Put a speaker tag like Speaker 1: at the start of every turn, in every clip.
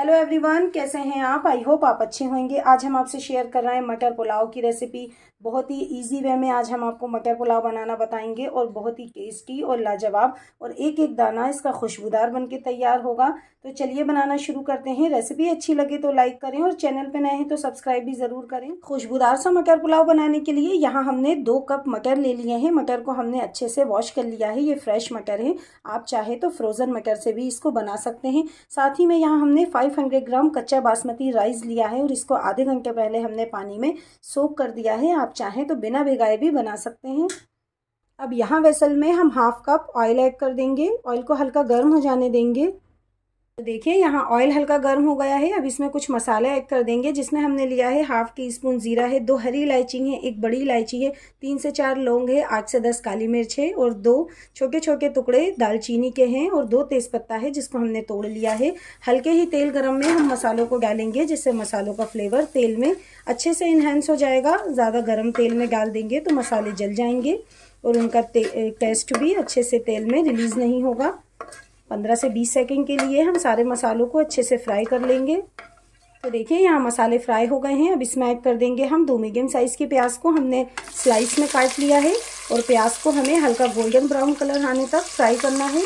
Speaker 1: hello everyone कैसे हैं आप आई होप आप अच्छे होंगे आज हम आपसे शेयर कर रहे हैं मटर पुलाव की रेसिपी बहुत ही इजी वे में आज हम आपको मटर पुलाव बनाना बताएंगे और बहुत ही टेस्टी और लाजवाब और एक एक दाना इसका खुशबूदार बनके तैयार होगा तो चलिए बनाना शुरू करते हैं रेसिपी अच्छी लगे तो लाइक करें और चैनल पर नए हैं तो सब्सक्राइब भी ज़रूर करें खुशबूदार सा मटर पुलाव बनाने के लिए यहाँ हमने दो कप मटर ले लिए हैं मटर को हमने अच्छे से वॉश कर लिया है ये फ्रेश मटर है आप चाहे तो फ्रोज़न मटर से भी इसको बना सकते हैं साथ ही में यहाँ हमने फाइव 500 ग्राम कच्चा बासमती राइस लिया है और इसको आधे घंटे पहले हमने पानी में सोख कर दिया है आप चाहें तो बिना भिगाए भी बना सकते हैं अब यहाँ वेसल में हम हाफ कप ऑयल ऐड कर देंगे ऑयल को हल्का गर्म हो जाने देंगे तो देखिए यहाँ ऑयल हल्का गर्म हो गया है अब इसमें कुछ मसाले ऐड कर देंगे जिसमें हमने लिया है हाफ टी स्पून जीरा है दो हरी इलायची है एक बड़ी इलायची है तीन से चार लौंग है आठ से दस काली मिर्च है और दो छोटे छोटे टुकड़े दालचीनी के हैं और दो तेज़पत्ता है जिसको हमने तोड़ लिया है हल्के ही तेल गर्म में हम मसालों को डालेंगे जिससे मसालों का फ्लेवर तेल में अच्छे से इन्हेंस हो जाएगा ज़्यादा गर्म तेल में डाल देंगे तो मसाले जल जाएंगे और उनका टेस्ट भी अच्छे से तेल में रिलीज़ नहीं होगा पंद्रह से बीस सेकेंड के लिए हम सारे मसालों को अच्छे से फ्राई कर लेंगे तो देखिए यहाँ मसाले फ्राई हो गए हैं अब इसमें ऐड कर देंगे हम दो मीडियम साइज़ के प्याज को हमने स्लाइस में काट लिया है और प्याज को हमें हल्का गोल्डन ब्राउन कलर आने तक फ्राई करना है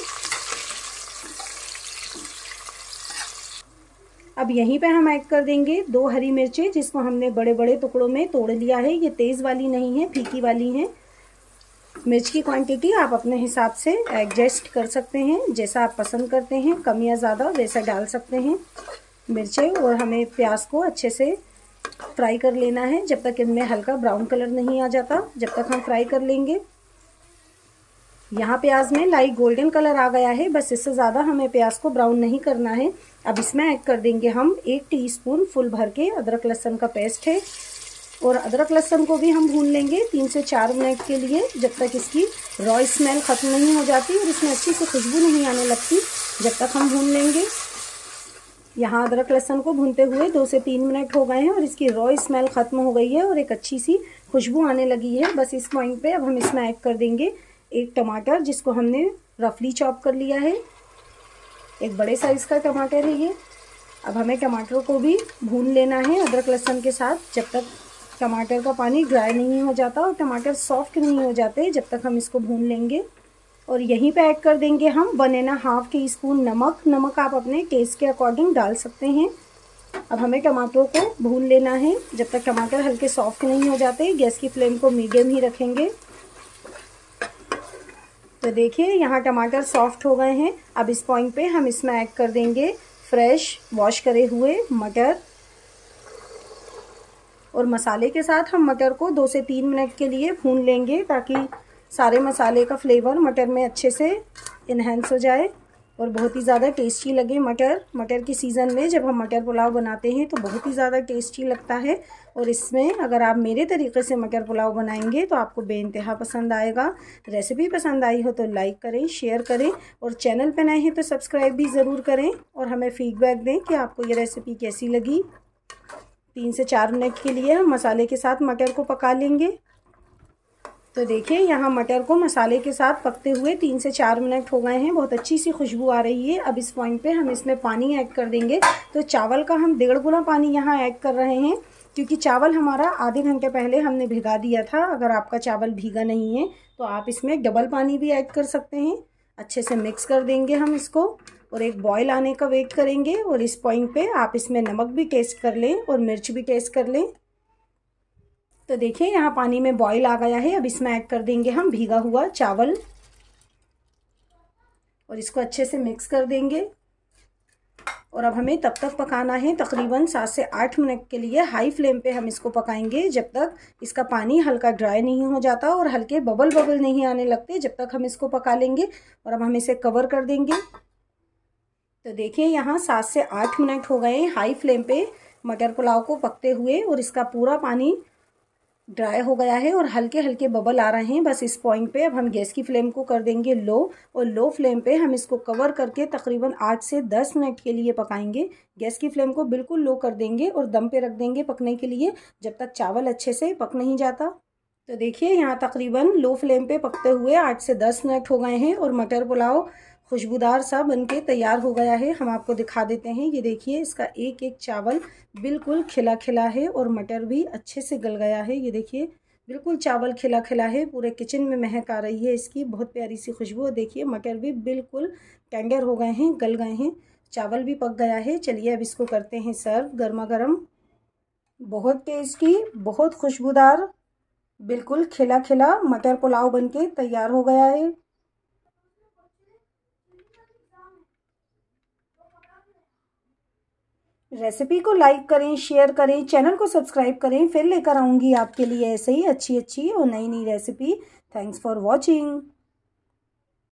Speaker 1: अब यहीं पे हम ऐड कर देंगे दो हरी मिर्चें जिसको हमने बड़े बड़े टुकड़ों में तोड़ लिया है ये तेज़ वाली नहीं है फीकी वाली हैं मिर्च की क्वांटिटी आप अपने हिसाब से एडजस्ट कर सकते हैं जैसा आप पसंद करते हैं कम या ज़्यादा वैसा डाल सकते हैं मिर्चें और हमें प्याज को अच्छे से फ्राई कर लेना है जब तक इनमें हल्का ब्राउन कलर नहीं आ जाता जब तक हम फ्राई कर लेंगे यहाँ प्याज में लाइट गोल्डन कलर आ गया है बस इससे ज़्यादा हमें प्याज को ब्राउन नहीं करना है अब इसमें ऐड कर देंगे हम एक टीस्पून फुल भर के अदरक लहसुन का पेस्ट है और अदरक लहसुन को भी हम भून लेंगे तीन से चार मिनट के लिए जब तक इसकी रॉय स्मेल ख़त्म नहीं हो जाती और इसमें अच्छी सी खुशबू नहीं आने लगती जब तक हम भून लेंगे यहाँ अदरक लहसन को भूनते हुए दो से तीन मिनट हो गए हैं और इसकी रॉय स्मेल ख़त्म हो गई है और एक अच्छी सी खुशबू आने लगी है बस इस पॉइंट पर अब हम इसमें ऐड कर देंगे एक टमाटर जिसको हमने रफली चॉप कर लिया है एक बड़े साइज़ का टमाटर है ये अब हमें टमाटर को भी भून लेना है अदरक लहसुन के साथ जब तक टमाटर का पानी ड्राई नहीं हो जाता और टमाटर सॉफ्ट नहीं हो जाते जब तक हम इसको भून लेंगे और यहीं पे ऐड कर देंगे हम one and half teaspoon नमक नमक आप अपने टेस्ट के अकॉर्डिंग डाल सकते हैं अब हमें टमाटरों को भून लेना है जब तक टमाटर हल्के सॉफ्ट नहीं हो जाते गैस की फ्लेम को मीडियम ही रखेंगे तो देखिए यहाँ टमाटर सॉफ्ट हो गए हैं अब इस पॉइंट पे हम इसमें ऐड कर देंगे फ्रेश वॉश करे हुए मटर और मसाले के साथ हम मटर को दो से तीन मिनट के लिए भून लेंगे ताकि सारे मसाले का फ्लेवर मटर में अच्छे से इन्हेंस हो जाए और बहुत ही ज़्यादा टेस्टी लगे मटर मटर की सीज़न में जब हम मटर पुलाव बनाते हैं तो बहुत ही ज़्यादा टेस्टी लगता है और इसमें अगर आप मेरे तरीके से मटर पुलाव बनाएंगे तो आपको बेानतहा पसंद आएगा रेसिपी पसंद आई हो तो लाइक करें शेयर करें और चैनल पर नए हैं तो सब्सक्राइब भी ज़रूर करें और हमें फीडबैक दें कि आपको ये रेसिपी कैसी लगी तीन से चार मिनट के लिए हम मसाले के साथ मटर को पका लेंगे तो देखिए यहाँ मटर को मसाले के साथ पकते हुए तीन से चार मिनट हो गए हैं बहुत अच्छी सी खुशबू आ रही है अब इस पॉइंट पे हम इसमें पानी ऐड कर देंगे तो चावल का हम डेढ़ गुना पानी यहाँ ऐड कर रहे हैं क्योंकि चावल हमारा आधे घंटे पहले हमने भिगा दिया था अगर आपका चावल भीगा नहीं है तो आप इसमें डबल पानी भी ऐड कर सकते हैं अच्छे से मिक्स कर देंगे हम इसको और एक बॉयल आने का वेट करेंगे और इस पॉइंट पे आप इसमें नमक भी टेस्ट कर लें और मिर्च भी टेस्ट कर लें तो देखिए यहाँ पानी में बॉईल आ गया है अब इसमें ऐड कर देंगे हम भीगा हुआ चावल और इसको अच्छे से मिक्स कर देंगे और अब हमें तब तक पकाना है तकरीबन सात से आठ मिनट के लिए हाई फ्लेम पे हम इसको पकाएंगे जब तक इसका पानी हल्का ड्राई नहीं हो जाता और हल्के बबल बबल नहीं आने लगते जब तक हम इसको पका लेंगे और अब हम इसे कवर कर देंगे तो देखिए यहाँ सात से आठ मिनट हो गए हाई फ्लेम पे मटर पुलाव को पकते हुए और इसका पूरा पानी ड्राई हो गया है और हल्के हल्के बबल आ रहे हैं बस इस पॉइंट पे अब हम गैस की फ्लेम को कर देंगे लो और लो फ्लेम पे हम इसको कवर करके तकरीबन आठ से दस मिनट के लिए पकाएंगे गैस की फ्लेम को बिल्कुल लो कर देंगे और दम पे रख देंगे पकने के लिए जब तक चावल अच्छे से पक नहीं जाता तो देखिए यहाँ तकरीबन लो फ्लेम पर पकते हुए आठ से दस मिनट हो गए हैं और मटर पुलाव खुशबूदार सा बनके तैयार हो गया है हम आपको दिखा देते हैं ये देखिए इसका एक एक चावल बिल्कुल खिला खिला है और मटर भी अच्छे से गल गया है ये देखिए बिल्कुल चावल खिला खिला है पूरे किचन में महक आ रही है इसकी बहुत प्यारी सी खुशबू देखिए मटर भी बिल्कुल टेंडर हो गए हैं गल गए हैं चावल भी पक गया है चलिए अब इसको करते हैं सर्व गर्मा गर्म बहुत टेस्टी बहुत खुशबूदार बिल्कुल खिला खिला मटर पुलाव बनके तैयार हो गया है रेसिपी को लाइक करें शेयर करें चैनल को सब्सक्राइब करें फिर लेकर आऊँगी आपके लिए ऐसे ही अच्छी अच्छी और नई नई रेसिपी थैंक्स फॉर वॉचिंग